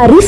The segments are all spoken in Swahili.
Haris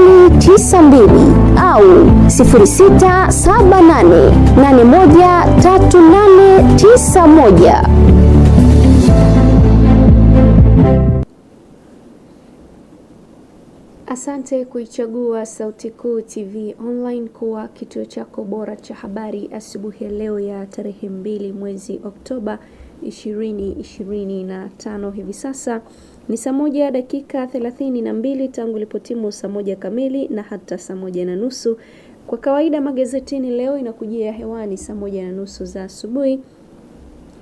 92 au 0678813891. Asante kuichagua Sauti Kuu TV Online kuwa kituo chako bora cha habari asubuhi ya leo ya tarehe mbili mwezi Oktoba ishirini ishirini na tano. Hivi sasa ni saa moja dakika thelathini na mbili tangu ilipotimu saa moja kamili na hata saa moja na nusu. Kwa kawaida magazetini leo inakujia hewani saa moja na nusu za asubuhi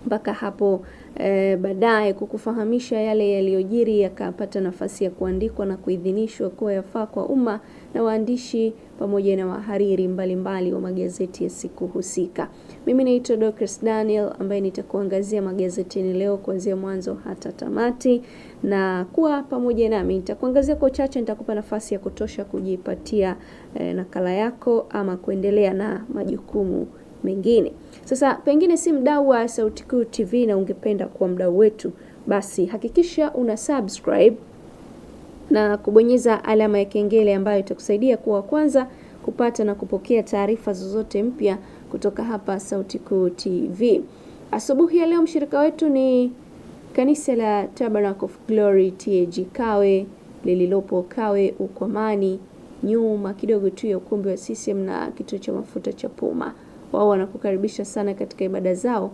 mpaka hapo e, baadaye kukufahamisha yale yaliyojiri yakapata nafasi ya kuandikwa na kuidhinishwa kuwa yafaa kwa umma na waandishi pamoja na wahariri mbalimbali wa magazeti ya siku husika. Mimi naitwa Dorcas Daniel ambaye nitakuangazia magazetini leo kuanzia mwanzo hata tamati, na kuwa pamoja nami. Nitakuangazia kwa uchache, nitakupa nafasi ya kutosha kujipatia e, nakala yako ama kuendelea na majukumu mengine. Sasa pengine si mdau wa Sauti Kuu TV na ungependa kuwa mdau wetu, basi hakikisha una subscribe na kubonyeza alama ya kengele ambayo itakusaidia kuwa wa kwanza kupata na kupokea taarifa zozote mpya kutoka hapa Sauti Kuu TV. Asubuhi ya leo mshirika wetu ni kanisa la Tabernacle of Glory TAG Kawe lililopo Kawe Ukwamani, nyuma kidogo tu ya ukumbi wa CCM na kituo cha mafuta cha Puma wao wanakukaribisha sana katika ibada zao.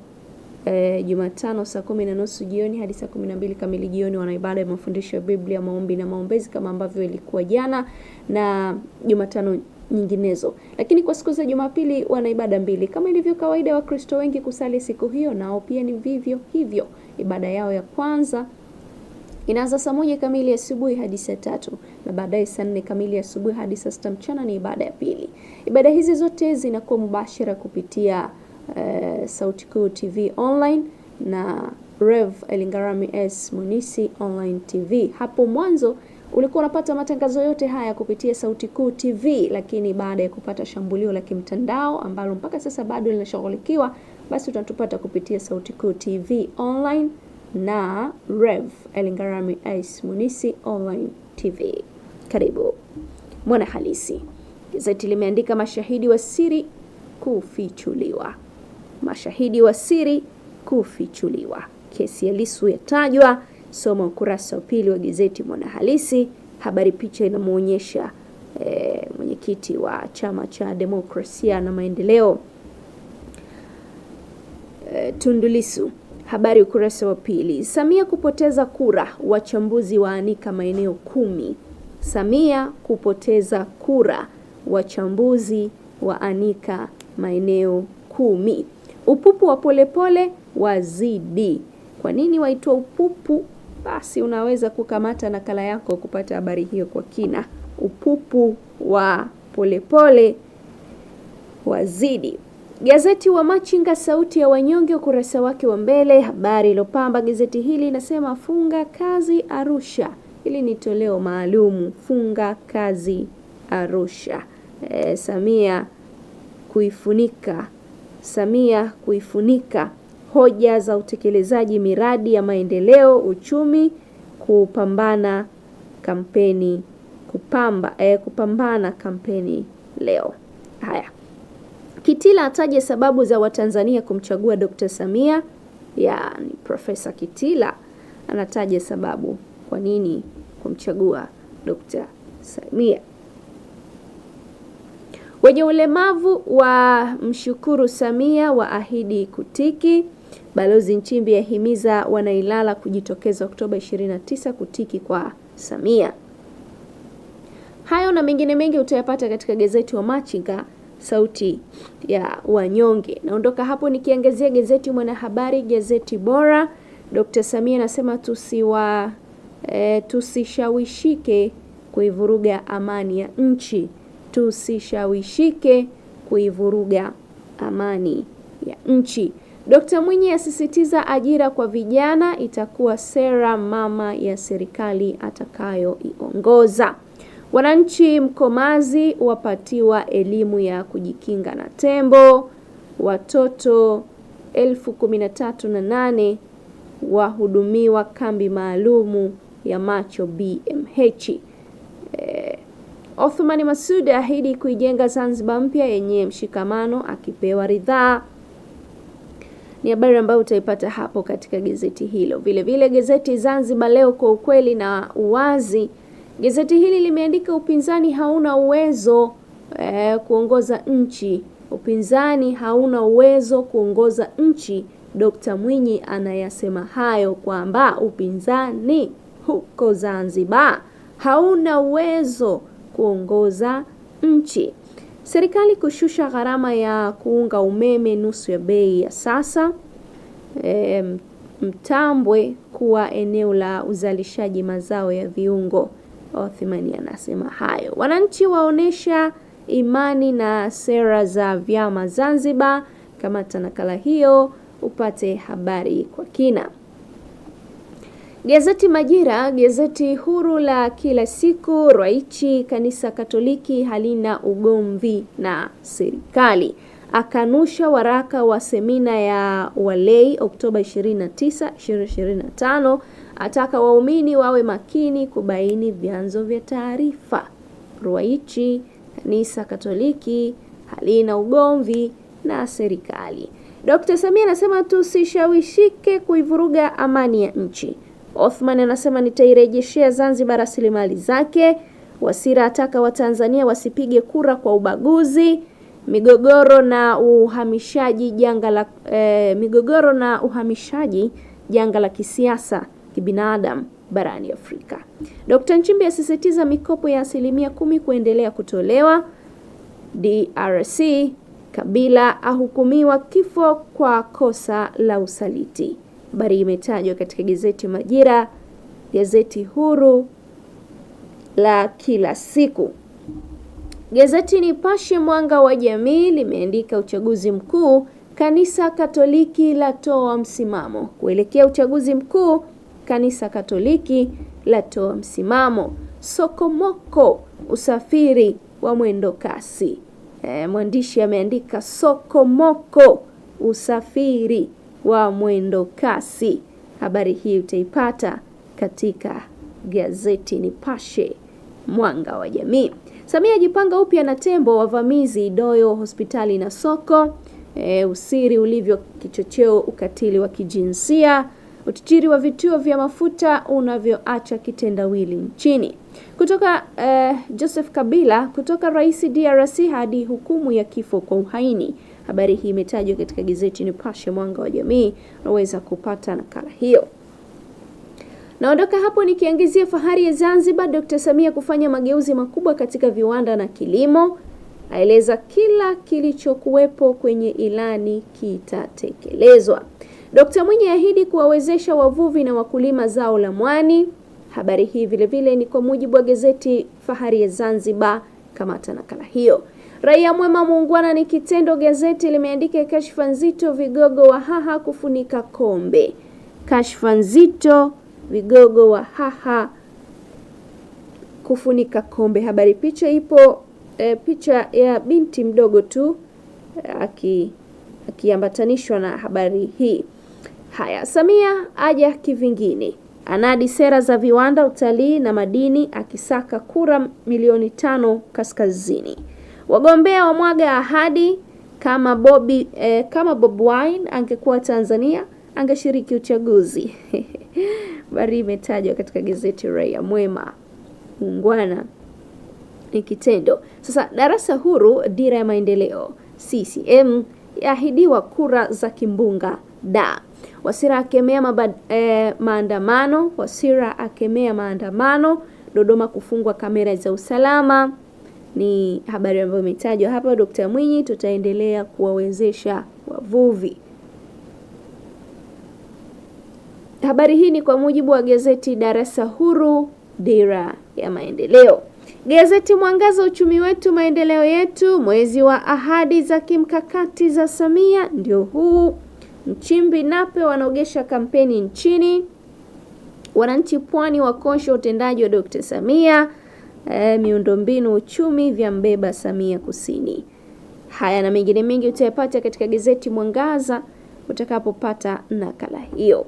E, Jumatano saa kumi na nusu jioni hadi saa kumi na mbili kamili jioni wana ibada ya mafundisho ya Biblia, maombi na maombezi kama ambavyo ilikuwa jana na Jumatano nyinginezo. Lakini kwa siku za Jumapili wana ibada mbili kama ilivyo kawaida Wakristo wengi kusali siku hiyo, nao pia ni vivyo hivyo. Ibada yao ya kwanza Inaanza saa moja kamili asubuhi hadi saa tatu na baadaye saa nne kamili asubuhi hadi saa sita mchana ni ibada ya pili. Ibada hizi zote zinakuwa mubashara kupitia uh, Sauti Kuu TV online na Rev Elingarami S Munisi online TV. Hapo mwanzo ulikuwa unapata matangazo yote haya kupitia Sauti Kuu TV, lakini baada ya kupata shambulio la kimtandao ambalo mpaka sasa bado linashughulikiwa, basi utatupata kupitia Sauti Kuu TV online na Rev Elingarami Ice Munisi Online TV. Karibu Mwana Halisi. Gazeti limeandika mashahidi wa siri kufichuliwa, mashahidi wa siri kufichuliwa. Kesi ya ya yatajwa, soma ukurasa wa pili wa gazeti Mwana Halisi. Habari picha inamwonyesha e, mwenyekiti wa chama cha demokrasia na maendeleo e, Tundu Habari ukurasa wa pili. Samia kupoteza kura, wachambuzi waanika maeneo kumi. Samia kupoteza kura, wachambuzi waanika maeneo kumi. Upupu wa Polepole wazidi. Kwa nini waitwa upupu? Basi unaweza kukamata nakala yako kupata habari hiyo kwa kina. Upupu wa Polepole wazidi. Gazeti wa Machinga sauti ya wanyonge, ukurasa wake wa mbele, habari iliyopamba gazeti hili inasema funga kazi Arusha. Hili ni toleo maalumu, funga kazi Arusha. E, Samia kuifunika Samia kuifunika hoja za utekelezaji miradi ya maendeleo, uchumi, kupambana kampeni kupamba, e, kupambana kampeni leo. Haya. Kitila ataje sababu za Watanzania kumchagua Dr. Samia. Yaani Profesa Kitila anataja sababu kwa nini kumchagua Dr. Samia. Wenye ulemavu wa mshukuru Samia wa ahidi kutiki. Balozi Nchimbi ahimiza wanailala kujitokeza Oktoba 29 kutiki kwa Samia. Hayo na mengine mengi utayapata katika gazeti wa Machinga sauti ya wanyonge. Naondoka hapo nikiangazia gazeti Mwanahabari, gazeti bora. Dr. Samia anasema tusiwa e, tusishawishike kuivuruga amani ya nchi, tusishawishike kuivuruga amani ya nchi. Dkt. Mwinyi asisitiza ajira kwa vijana itakuwa sera mama ya serikali atakayoiongoza. Wananchi Mkomazi wapatiwa elimu ya kujikinga na tembo. Watoto elfu kumi na tatu na nane wahudumiwa kambi maalumu ya macho BMH. Eh, Othmani Masud ahidi kuijenga Zanzibar mpya yenye mshikamano akipewa ridhaa. Ni habari ambayo utaipata hapo katika gazeti hilo. Vile vile gazeti Zanzibar Leo, kwa ukweli na uwazi Gazeti hili limeandika upinzani hauna uwezo eh, kuongoza nchi. Upinzani hauna uwezo kuongoza nchi. Dkt. Mwinyi anayasema hayo kwamba upinzani huko Zanzibar hauna uwezo kuongoza nchi. Serikali kushusha gharama ya kuunga umeme nusu ya bei ya sasa. E, Mtambwe kuwa eneo la uzalishaji mazao ya viungo. Othmani anasema hayo. Wananchi waonesha imani na sera za vyama Zanzibar. Kamata nakala hiyo upate habari kwa kina. Gazeti Majira, gazeti huru la kila siku. Raichi, kanisa Katoliki halina ugomvi na serikali, akanusha waraka wa semina ya walei Oktoba 29, 2025 Ataka waumini wawe makini kubaini vyanzo vya taarifa. Ruwaichi, kanisa Katoliki halina ugomvi na serikali. Dkt. Samia anasema tusishawishike kuivuruga amani ya nchi. Othman anasema nitairejeshea Zanzibar rasilimali zake. Wasira ataka Watanzania wasipige kura kwa ubaguzi. Migogoro na uhamishaji janga la eh, migogoro na uhamishaji janga la kisiasa kibinadamu barani Afrika. Dkt. Nchimbi asisitiza mikopo ya asilimia kumi kuendelea kutolewa. DRC, Kabila ahukumiwa kifo kwa kosa la usaliti. Habari imetajwa katika gazeti Majira, gazeti huru la kila siku. Gazeti Nipashe Mwanga wa Jamii limeandika uchaguzi mkuu, kanisa Katoliki latoa msimamo kuelekea uchaguzi mkuu. Kanisa Katoliki latoa msimamo. Sokomoko, usafiri wa mwendo kasi. E, mwandishi ameandika sokomoko, usafiri wa mwendo kasi. Habari hii utaipata katika gazeti Nipashe Mwanga wa Jamii. Samia jipanga upya na tembo wavamizi Idoyo hospitali na soko. E, usiri ulivyo kichocheo ukatili wa kijinsia utitiri wa vituo vya mafuta unavyoacha kitendawili nchini. Kutoka eh, Joseph Kabila kutoka rais DRC hadi hukumu ya kifo kwa uhaini. Habari hii imetajwa katika gazeti Nipashe Mwanga wa Jamii, unaweza kupata nakala hiyo. Naondoka hapo nikiangazia fahari ya Zanzibar, Dr. Samia kufanya mageuzi makubwa katika viwanda na kilimo. Aeleza kila kilichokuwepo kwenye ilani kitatekelezwa. Dkt. Mwinyi ahidi kuwawezesha wavuvi na wakulima zao la mwani. Habari hii vilevile ni kwa mujibu wa gazeti Fahari ya Zanzibar. Kamata nakala hiyo. Raia mwema muungwana ni kitendo, gazeti limeandika kashfa nzito, vigogo wa haha kufunika kombe. Kashfa nzito, vigogo wa haha kufunika kombe. Habari picha ipo e, picha ya binti mdogo tu eh, akiambatanishwa aki na habari hii. Haya, Samia aja kivingine, anadi sera za viwanda, utalii na madini, akisaka kura milioni tano kaskazini. Wagombea mwaga ahadi kama Bobi, eh, kama Bob Wine angekuwa Tanzania angeshiriki uchaguzi. Habari imetajwa katika gazeti Raia Mwema. ungwana ni kitendo. Sasa darasa huru, dira ya maendeleo CCM yaahidiwa kura za kimbunga da Wasira akemea mabad, eh, maandamano. Wasira akemea maandamano. Dodoma kufungwa kamera za usalama ni habari ambayo imetajwa hapa. Dkt. Mwinyi, tutaendelea kuwawezesha wavuvi. Habari hii ni kwa mujibu wa gazeti Darasa Huru, Dira ya Maendeleo. Gazeti Mwangaza, uchumi wetu maendeleo yetu, mwezi wa ahadi za kimkakati za Samia ndio huu. Mchimbi Nape wanaogesha kampeni nchini. Wananchi Pwani wakosha utendaji wa Dr. Samia. E, miundombinu uchumi vya mbeba Samia Kusini. Haya na mengine mengi utayapata katika gazeti Mwangaza utakapopata nakala hiyo.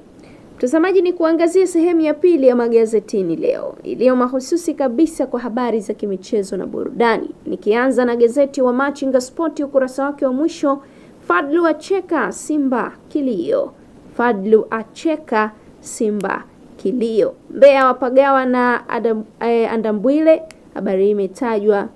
Mtazamaji, ni kuangazia sehemu ya pili ya magazetini leo iliyo mahususi kabisa kwa habari za kimichezo na burudani, nikianza na gazeti wa Machinga Sport ukurasa wake wa mwisho Fadlu acheka Simba kilio. Fadlu acheka Simba kilio. Mbeya wapagawa na Adam, eh, Andambwile. Habari hii imetajwa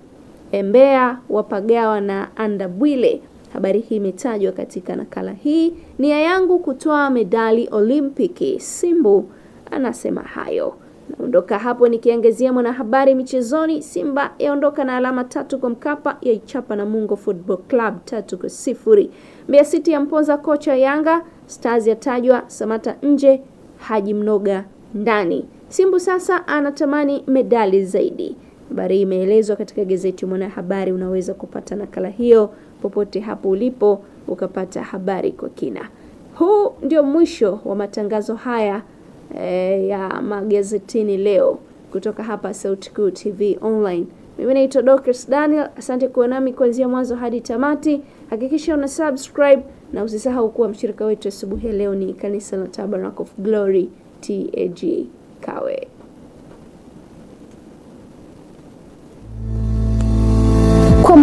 eh, Mbeya wapagawa na Andabwile. Habari hii imetajwa katika nakala hii. Nia yangu kutoa medali Olimpiki. Simbu anasema hayo. Naondoka hapo nikiangazia mwanahabari michezoni. Simba yaondoka na alama tatu kwa Mkapa, yaichapa Namungo Football Club tatu kwa sifuri. Mbeya City yampoza kocha Yanga. Stars yatajwa Samata nje, Haji Mnoga ndani. Simbu sasa anatamani medali zaidi. Habari hii imeelezwa katika gazeti Mwanahabari. Unaweza kupata nakala hiyo popote hapo ulipo ukapata habari kwa kina. Huu ndio mwisho wa matangazo haya Eh, ya magazetini leo kutoka hapa Sauti Kuu TV Online. Mimi naitwa Dorcas Daniel, asante kuwa nami kuanzia mwanzo hadi tamati. Hakikisha una subscribe na usisahau kuwa mshirika wetu asubuhi ya leo ni kanisa la Tabernacle of Glory TAG Kawe.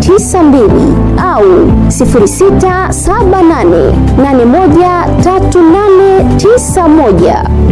92 au 0678813891.